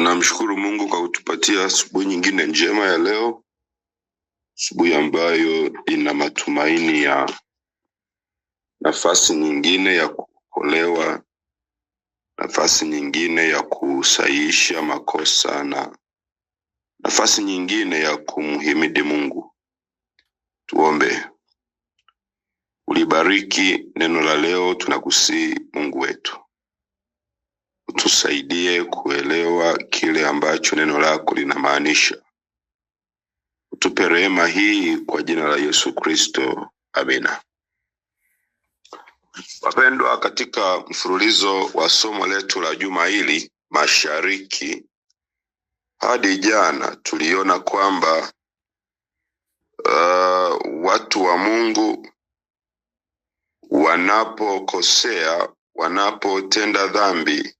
namshukuru Mungu kwa kutupatia asubuhi nyingine njema ya leo, asubuhi ambayo ina matumaini ya nafasi nyingine ya kuokolewa, nafasi nyingine ya kusahihisha makosa na nafasi nyingine ya kumhimidi Mungu. Tuombe. Ulibariki neno la leo, tunakusii Mungu wetu utusaidie kuelewa kile ambacho neno lako linamaanisha. Utupe rehema hii kwa jina la Yesu Kristo, amina. Wapendwa, katika mfululizo wa somo letu la juma hili mashariki, hadi jana tuliona kwamba uh, watu wa Mungu wanapokosea, wanapotenda dhambi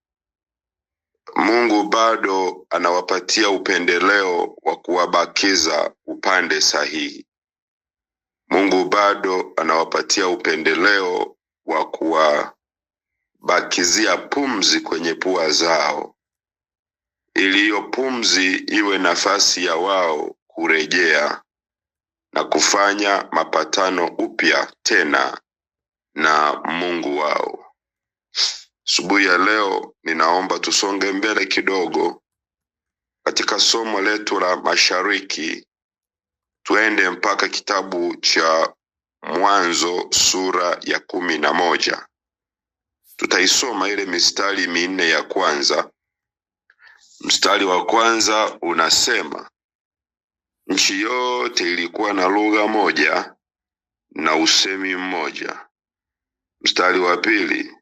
Mungu bado anawapatia upendeleo wa kuwabakiza upande sahihi. Mungu bado anawapatia upendeleo wa kuwabakizia pumzi kwenye pua zao, ili hiyo pumzi iwe nafasi ya wao kurejea na kufanya mapatano upya tena na Mungu wao. Asubuhi ya leo ninaomba tusonge mbele kidogo katika somo letu la Mashariki, tuende mpaka kitabu cha Mwanzo sura ya kumi na moja. Tutaisoma ile mistari minne ya kwanza. Mstari wa kwanza unasema, nchi yote ilikuwa na lugha moja na usemi mmoja. Mstari wa pili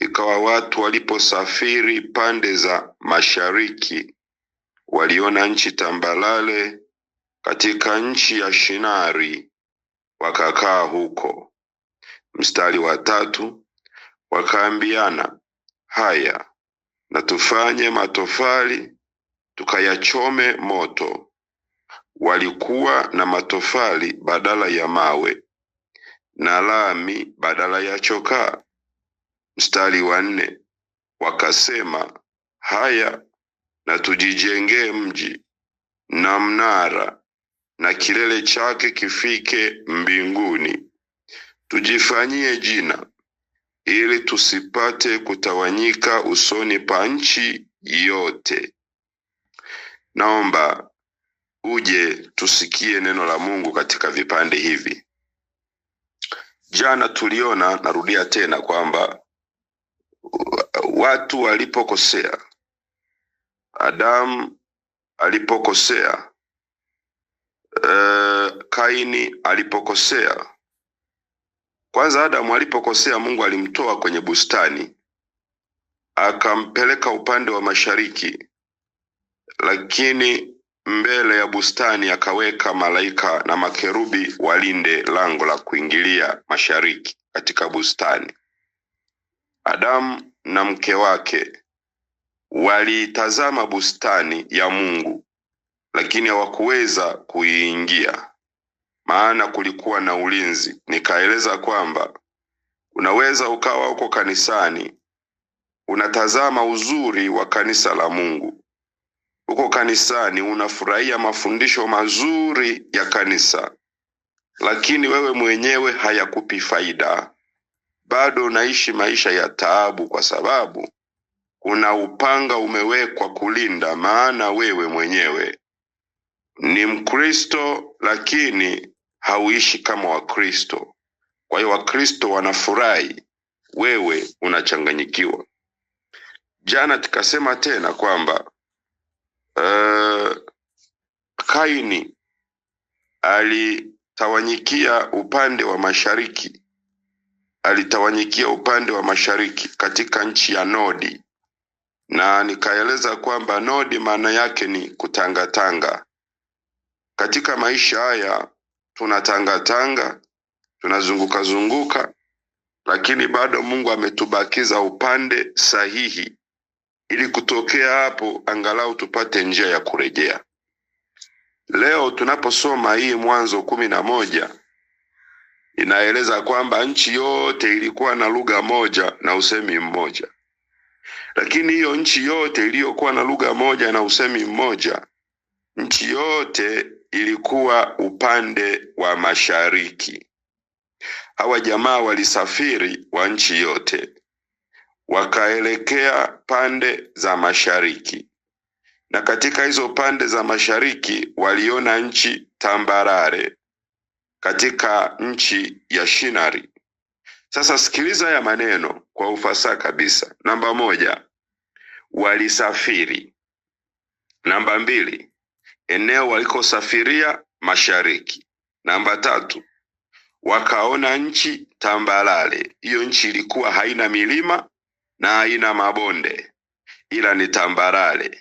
Ikawa watu waliposafiri pande za mashariki, waliona nchi tambalale katika nchi ya Shinari, wakakaa huko. Mstari wa tatu, wakaambiana, haya na tufanye matofali tukayachome moto. Walikuwa na matofali badala ya mawe na lami badala ya chokaa mstari wa nne wakasema, haya na tujijengee mji na mnara na kilele chake kifike mbinguni, tujifanyie jina, ili tusipate kutawanyika usoni pa nchi yote. Naomba uje tusikie neno la Mungu katika vipande hivi. Jana tuliona, narudia tena, kwamba watu walipokosea, Adamu alipokosea, e, Kaini alipokosea. Kwanza Adamu alipokosea, Mungu alimtoa kwenye bustani akampeleka upande wa mashariki, lakini mbele ya bustani akaweka malaika na makerubi walinde lango la kuingilia mashariki katika bustani. Adamu na mke wake waliitazama bustani ya Mungu, lakini hawakuweza kuiingia, maana kulikuwa na ulinzi. Nikaeleza kwamba unaweza ukawa uko kanisani, unatazama uzuri wa kanisa la Mungu, uko kanisani, unafurahia mafundisho mazuri ya kanisa, lakini wewe mwenyewe hayakupi faida bado unaishi maisha ya taabu, kwa sababu kuna upanga umewekwa kulinda, maana wewe mwenyewe ni Mkristo lakini hauishi kama Wakristo. Kwa hiyo Wakristo wanafurahi, wewe unachanganyikiwa. Jana tukasema tena kwamba uh, Kaini alitawanyikia upande wa mashariki alitawanyikia upande wa mashariki katika nchi ya Nodi na nikaeleza kwamba Nodi maana yake ni kutangatanga. Katika maisha haya tunatangatanga, tunazunguka zunguka, lakini bado Mungu ametubakiza upande sahihi ili kutokea hapo angalau tupate njia ya kurejea. Leo tunaposoma hii Mwanzo kumi na moja inaeleza kwamba nchi yote ilikuwa na lugha moja na usemi mmoja, lakini hiyo nchi yote iliyokuwa na lugha moja na usemi mmoja, nchi yote ilikuwa upande wa mashariki. Hawa jamaa walisafiri wa nchi yote wakaelekea pande za mashariki, na katika hizo pande za mashariki waliona nchi tambarare katika nchi ya Shinari. Sasa sikiliza ya maneno kwa ufasaha kabisa. Namba moja, walisafiri. Namba mbili, eneo walikosafiria mashariki. Namba tatu, wakaona nchi tambalale. Hiyo nchi ilikuwa haina milima na haina mabonde, ila ni tambalale.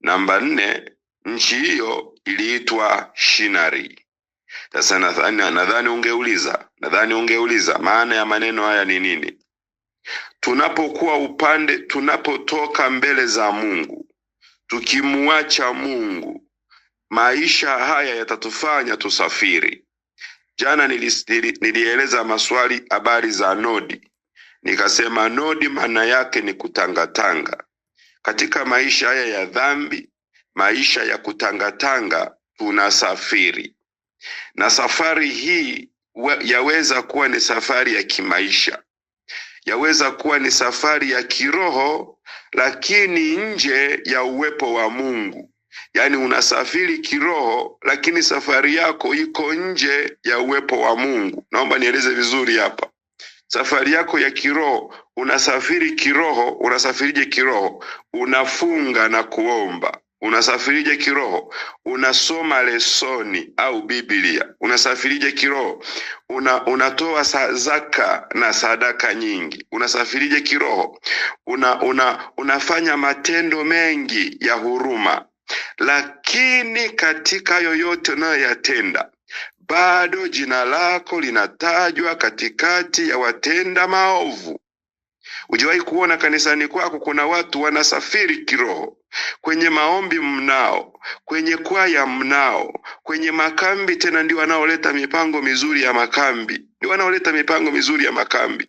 Namba nne, nchi hiyo iliitwa Shinari. Sasa nadhani ungeuliza, nadhani ungeuliza maana ya maneno haya ni nini? Tunapokuwa upande, tunapotoka mbele za Mungu, tukimwacha Mungu, maisha haya yatatufanya tusafiri. Jana nilieleza maswali habari za nodi, nikasema nodi maana yake ni kutangatanga katika maisha haya ya dhambi, maisha ya kutangatanga, tunasafiri na safari hii yaweza kuwa ni safari ya kimaisha, yaweza kuwa ni safari ya kiroho, lakini nje ya uwepo wa Mungu. Yaani unasafiri kiroho, lakini safari yako iko nje ya uwepo wa Mungu. Naomba nieleze vizuri hapa. Safari yako ya kiroho, unasafiri kiroho. Unasafirije kiroho? Unafunga na kuomba Unasafirije kiroho? Unasoma lesoni au Biblia? Unasafirije kiroho? Una, unatoa zaka na sadaka nyingi? Unasafirije kiroho? Una, una, unafanya matendo mengi ya huruma, lakini katika yoyote unayoyatenda bado jina lako linatajwa katikati ya watenda maovu. Ujawahi kuona kanisani kwako kuna watu wanasafiri kiroho kwenye maombi mnao, kwenye kwaya mnao, kwenye makambi tena ndio wanaoleta mipango mizuri ya makambi, ndio wanaoleta mipango mizuri ya makambi.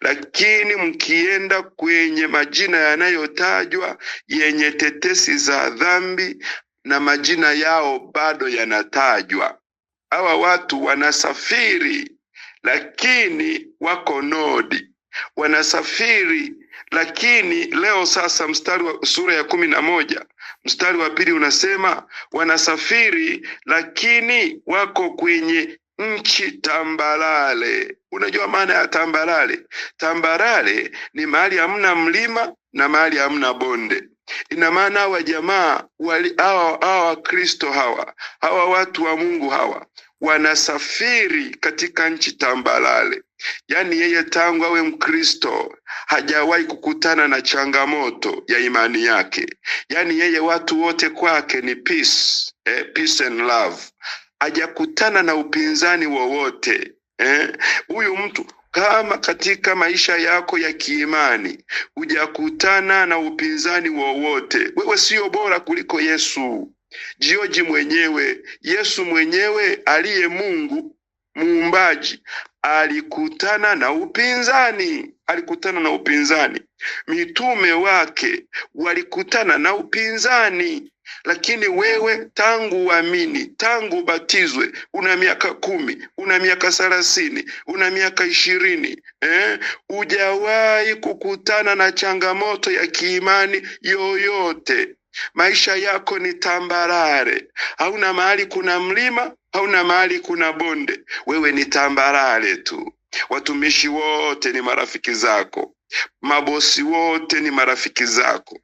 Lakini mkienda kwenye majina yanayotajwa yenye tetesi za dhambi na majina yao bado yanatajwa, hawa watu wanasafiri, lakini wako nodi, wanasafiri lakini leo sasa, mstari wa sura ya kumi na moja mstari wa pili unasema wanasafiri, lakini wako kwenye nchi tambarale Unajua maana ya tambarale Tambalale ni mahali hamna mlima na mahali hamna bonde. Ina maana hawa jamaa hawa Wakristo hawa hawa watu wa Mungu hawa wanasafiri katika nchi tambalale. Yaani yeye tangu awe Mkristo hajawahi kukutana na changamoto ya imani yake. Yaani yeye watu wote kwake ni peace, eh, peace and love. Hajakutana na upinzani wowote eh. huyu eh, mtu kama katika maisha yako ya kiimani hujakutana na upinzani wowote, wewe sio bora kuliko Yesu. Jioji mwenyewe, Yesu mwenyewe aliye Mungu muumbaji alikutana na upinzani, alikutana na upinzani. Mitume wake walikutana na upinzani, lakini wewe tangu uamini, tangu ubatizwe, una miaka kumi, una miaka thelathini, una miaka ishirini, eh? ujawahi kukutana na changamoto ya kiimani yoyote maisha yako ni tambarare, hauna mahali kuna mlima, hauna mahali kuna bonde, wewe ni tambarare tu. Watumishi wote ni marafiki zako, mabosi wote ni marafiki zako,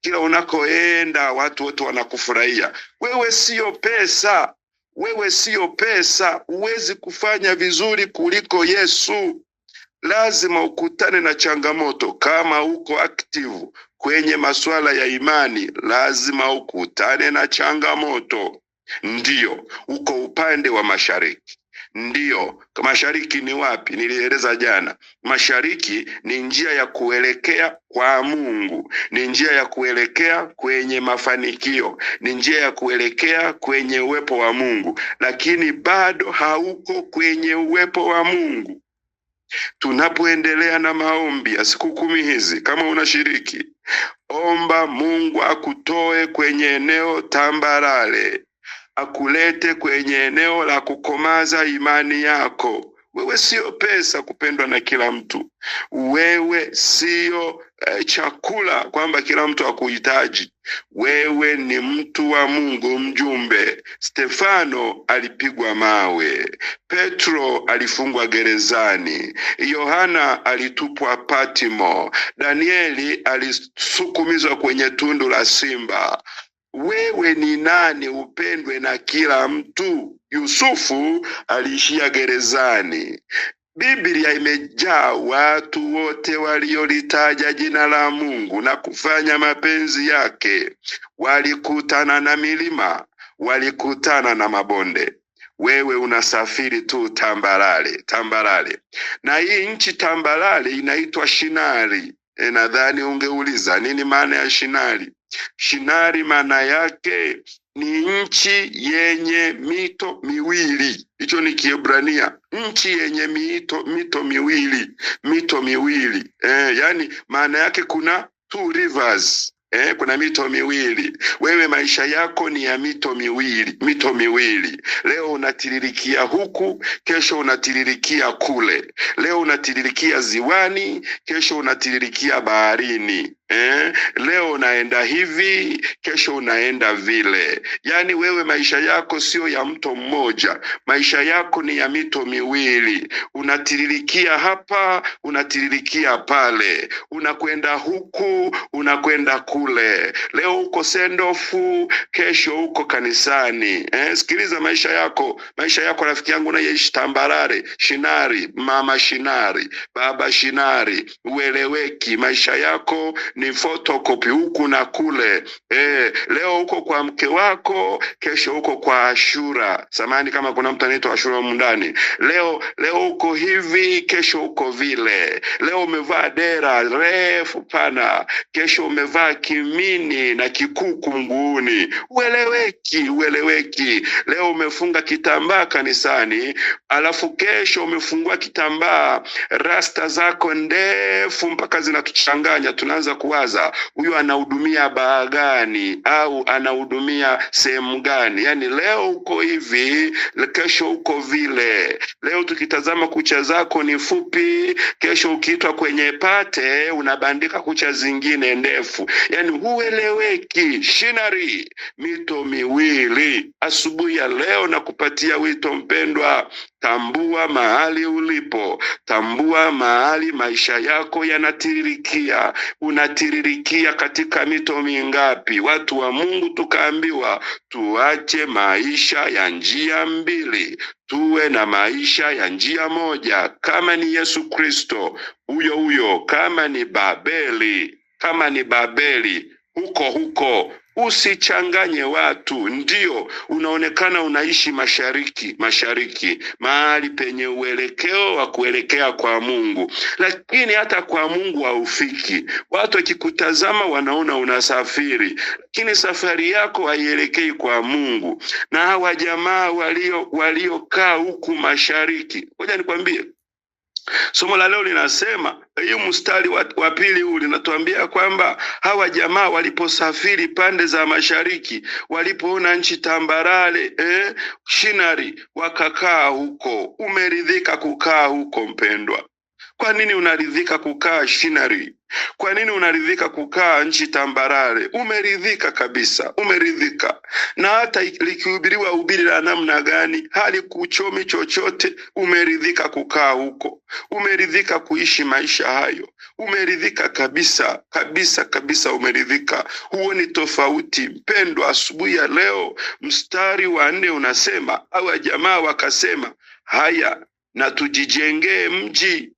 kila unakoenda watu wote wanakufurahia wewe. Siyo pesa, wewe siyo pesa. Huwezi kufanya vizuri kuliko Yesu. Lazima ukutane na changamoto. Kama uko aktivu, kwenye masuala ya imani lazima ukutane na changamoto. Ndiyo, uko upande wa mashariki. Ndiyo, mashariki ni wapi? Nilieleza jana, mashariki ni njia ya kuelekea kwa Mungu, ni njia ya kuelekea kwenye mafanikio, ni njia ya kuelekea kwenye uwepo wa Mungu, lakini bado hauko kwenye uwepo wa Mungu. Tunapoendelea na maombi ya siku kumi hizi, kama unashiriki, omba Mungu akutoe kwenye eneo tambarare, akulete kwenye eneo la kukomaza imani yako wewe siyo pesa kupendwa na kila mtu. Wewe siyo eh, chakula kwamba kila mtu akuhitaji. Wewe ni mtu wa Mungu, mjumbe. Stefano alipigwa mawe, Petro alifungwa gerezani, Yohana alitupwa Patimo, Danieli alisukumizwa kwenye tundu la simba wewe ni nani upendwe na kila mtu? Yusufu aliishia gerezani. Biblia imejaa watu wote waliolitaja jina la Mungu na kufanya mapenzi yake. Walikutana na milima, walikutana na mabonde. Wewe unasafiri tu tambalale, tambalale. Na hii nchi tambalale inaitwa Shinari e, nadhani ungeuliza nini maana ya Shinari. Shinari maana yake ni nchi yenye mito miwili. Hicho ni Kiebrania, nchi yenye mito, mito miwili, mito miwili e, yani maana yake kuna two rivers Eh, kuna mito miwili. Wewe maisha yako ni ya mito miwili, mito miwili. Leo unatiririkia huku, kesho unatiririkia kule. Leo unatiririkia ziwani, kesho unatiririkia baharini eh, leo unaenda hivi, kesho unaenda vile. Yaani wewe maisha yako sio ya mto mmoja, maisha yako ni ya mito miwili, unatiririkia hapa, unatiririkia pale, unakwenda huku, unakwenda kule. Leo uko sendofu, kesho uko kanisani. Eh, sikiliza maisha yako, maisha yako rafiki yangu unayeishi tambarare, shinari, mama shinari, baba shinari, ueleweki. Maisha yako ni photocopy huku na kule eh, leo huko kwa mke wako, kesho huko kwa Ashura. Samani kama kuna mtu anaitwa Ashura mundani, leo leo uko hivi, kesho uko vile. Leo umevaa dera refu pana, kesho umevaa kimini na kikuku mguuni, ueleweki, ueleweki. Leo umefunga kitambaa kanisani, alafu kesho umefungua kitambaa, rasta zako ndefu mpaka zinatuchanganya, tunaanza ku kuwaza huyu anahudumia baa gani au anahudumia sehemu gani. Yani leo uko hivi, kesho uko vile. Leo tukitazama kucha zako ni fupi, kesho ukiitwa kwenye pate unabandika kucha zingine ndefu, yani hueleweki. Shinari mito miwili asubuhi ya leo na kupatia wito mpendwa, Tambua mahali ulipo, tambua mahali maisha yako yanatiririkia. Unatiririkia katika mito mingapi? Watu wa Mungu, tukaambiwa tuache maisha ya njia mbili, tuwe na maisha ya njia moja. Kama ni Yesu Kristo huyo huyo, kama ni Babeli, kama ni Babeli huko huko Usichanganye watu. Ndio unaonekana unaishi mashariki, mashariki, mahali penye uelekeo wa kuelekea kwa Mungu, lakini hata kwa Mungu haufiki. Watu wakikutazama wanaona unasafiri, lakini safari yako haielekei kwa Mungu. Na hawa jamaa walio waliokaa huku mashariki, ngoja nikwambie Somo la leo linasema hii, mstari wa pili huu linatuambia kwamba hawa jamaa waliposafiri pande za mashariki, walipoona nchi tambarare eh, shinari, wakakaa huko. Umeridhika kukaa huko mpendwa? Kwa nini unaridhika kukaa shinari? Kwa nini unaridhika kukaa nchi tambarare? Umeridhika kabisa, umeridhika na hata likihubiriwa ubiri la namna gani, hali kuchomi chochote, umeridhika kukaa huko, umeridhika kuishi maisha hayo, umeridhika kabisa kabisa kabisa, umeridhika. Huoni tofauti, mpendwa? Asubuhi ya leo mstari wa nne unasema, au jamaa wakasema, haya na tujijengee mji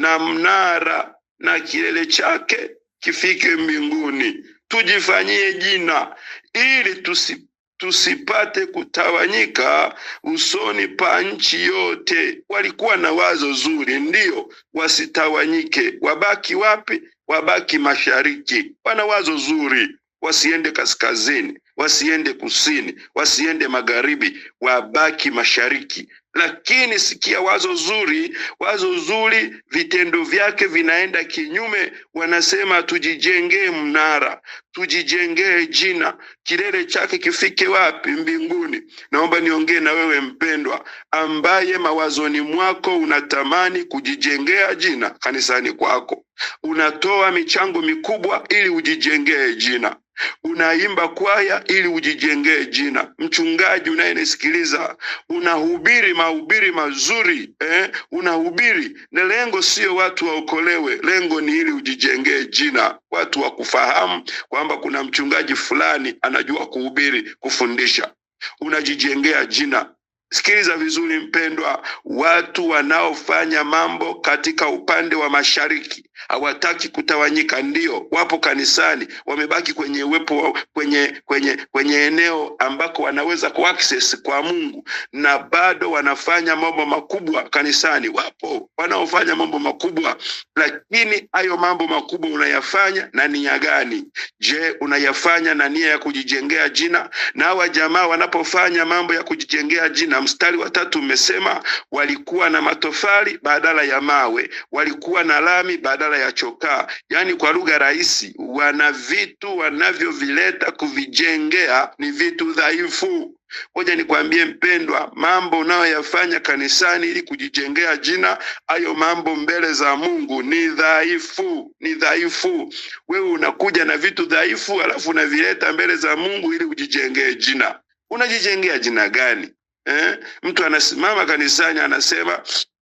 na mnara na kilele chake kifike mbinguni. Tujifanyie jina ili tusi, tusipate kutawanyika usoni pa nchi yote. Walikuwa na wazo zuri, ndiyo, wasitawanyike. Wabaki wapi? Wabaki mashariki. Wana wazo zuri, wasiende kaskazini wasiende kusini, wasiende magharibi, wabaki mashariki. Lakini sikia wazo zuri, wazo zuri, vitendo vyake vinaenda kinyume. Wanasema tujijengee mnara, tujijengee jina, kilele chake kifike wapi? Mbinguni. Naomba niongee na wewe mpendwa, ambaye mawazoni mwako unatamani kujijengea jina kanisani kwako, unatoa michango mikubwa ili ujijengee jina unaimba kwaya ili ujijengee jina. Mchungaji unayenisikiliza, unahubiri mahubiri mazuri eh? Unahubiri na lengo sio watu waokolewe, lengo ni ili ujijengee jina, watu wakufahamu kwamba kuna mchungaji fulani anajua kuhubiri, kufundisha, unajijengea jina. Sikiliza vizuri mpendwa, watu wanaofanya mambo katika upande wa mashariki hawataki kutawanyika, ndio wapo kanisani, wamebaki kwenye uwepo kwenye kwenye kwenye eneo ambako wanaweza ku access kwa Mungu, na bado wanafanya mambo makubwa kanisani. Wapo wanaofanya mambo makubwa, lakini hayo mambo makubwa unayafanya na nia gani? Je, unayafanya na nia ya kujijengea jina? Na hawa jamaa wanapofanya mambo ya kujijengea jina, mstari wa tatu umesema walikuwa na matofali badala ya mawe, walikuwa na lami badala masuala ya chokaa, yaani kwa lugha rahisi, wana vitu wanavyovileta kuvijengea ni vitu dhaifu. Ngoja nikwambie mpendwa, mambo unayoyafanya kanisani ili kujijengea jina, hayo mambo mbele za Mungu ni dhaifu, ni dhaifu. Wewe unakuja na vitu dhaifu, alafu unavileta mbele za Mungu ili ujijengee jina. Unajijengea jina gani eh? Mtu anasimama kanisani anasema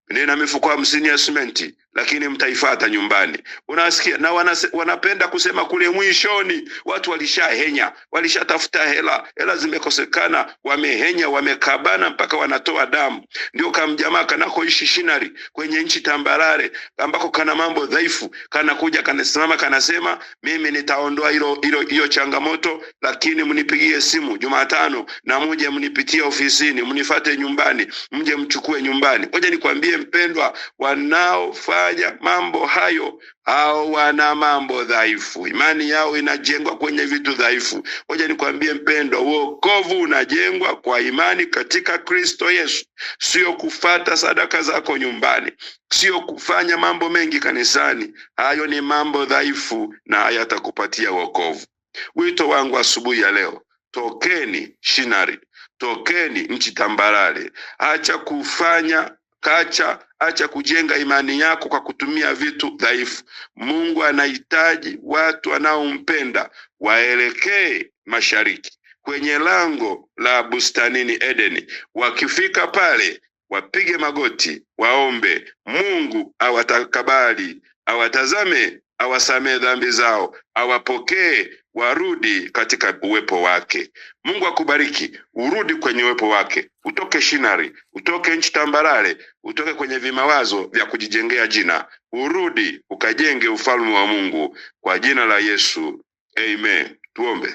nina mifuko hamsini ya simenti lakini mtaifata nyumbani. Unasikia na wanase, wanapenda kusema kule mwishoni, watu walishahenya, walishatafuta hela, hela zimekosekana, wamehenya, wamekabana mpaka wanatoa damu. Ndio kamjamaa kanakoishi shinari kwenye nchi tambarare, ambako kana mambo dhaifu, kanakuja kanasimama, kanasema mimi nitaondoa hilo hilo hiyo changamoto, lakini mnipigie simu Jumatano na muje mnipitie ofisini, mnifate nyumbani, mje mchukue nyumbani. Ngoja nikwambie mpendwa, wanaofanya wakiyafanya mambo hayo, au wana mambo dhaifu. Imani yao inajengwa kwenye vitu dhaifu. Ngoja nikwambie mpendwa, wokovu unajengwa kwa imani katika Kristo Yesu, sio kufata sadaka zako nyumbani, sio kufanya mambo mengi kanisani. Hayo ni mambo dhaifu na hayatakupatia wokovu. Wito wangu asubuhi ya leo, tokeni shinari, tokeni nchi tambarare, acha kufanya Kacha, acha kujenga imani yako kwa kutumia vitu dhaifu. Mungu anahitaji watu wanaompenda waelekee mashariki kwenye lango la bustanini Edeni. Wakifika pale, wapige magoti, waombe Mungu awatakabali, awatazame awasamee dhambi zao, awapokee warudi katika uwepo wake. Mungu akubariki, urudi kwenye uwepo wake, utoke shinari, utoke nchi tambarare, utoke kwenye vimawazo vya kujijengea jina, urudi ukajenge ufalme wa Mungu kwa jina la Yesu, amen. Tuombe.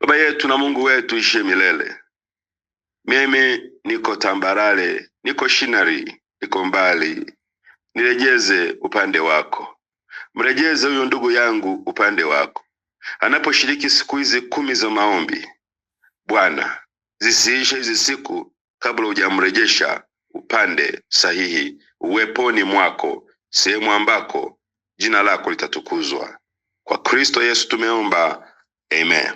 Baba yetu na Mungu wetu ishie milele, mimi niko tambarare, niko shinari, niko mbali nirejeze upande wako, mrejeze huyu ndugu yangu upande wako. Anaposhiriki siku hizi kumi za maombi, Bwana, zisiishe hizi siku kabla hujamrejesha upande sahihi, uweponi mwako, sehemu ambako jina lako litatukuzwa. Kwa Kristo Yesu tumeomba, amen.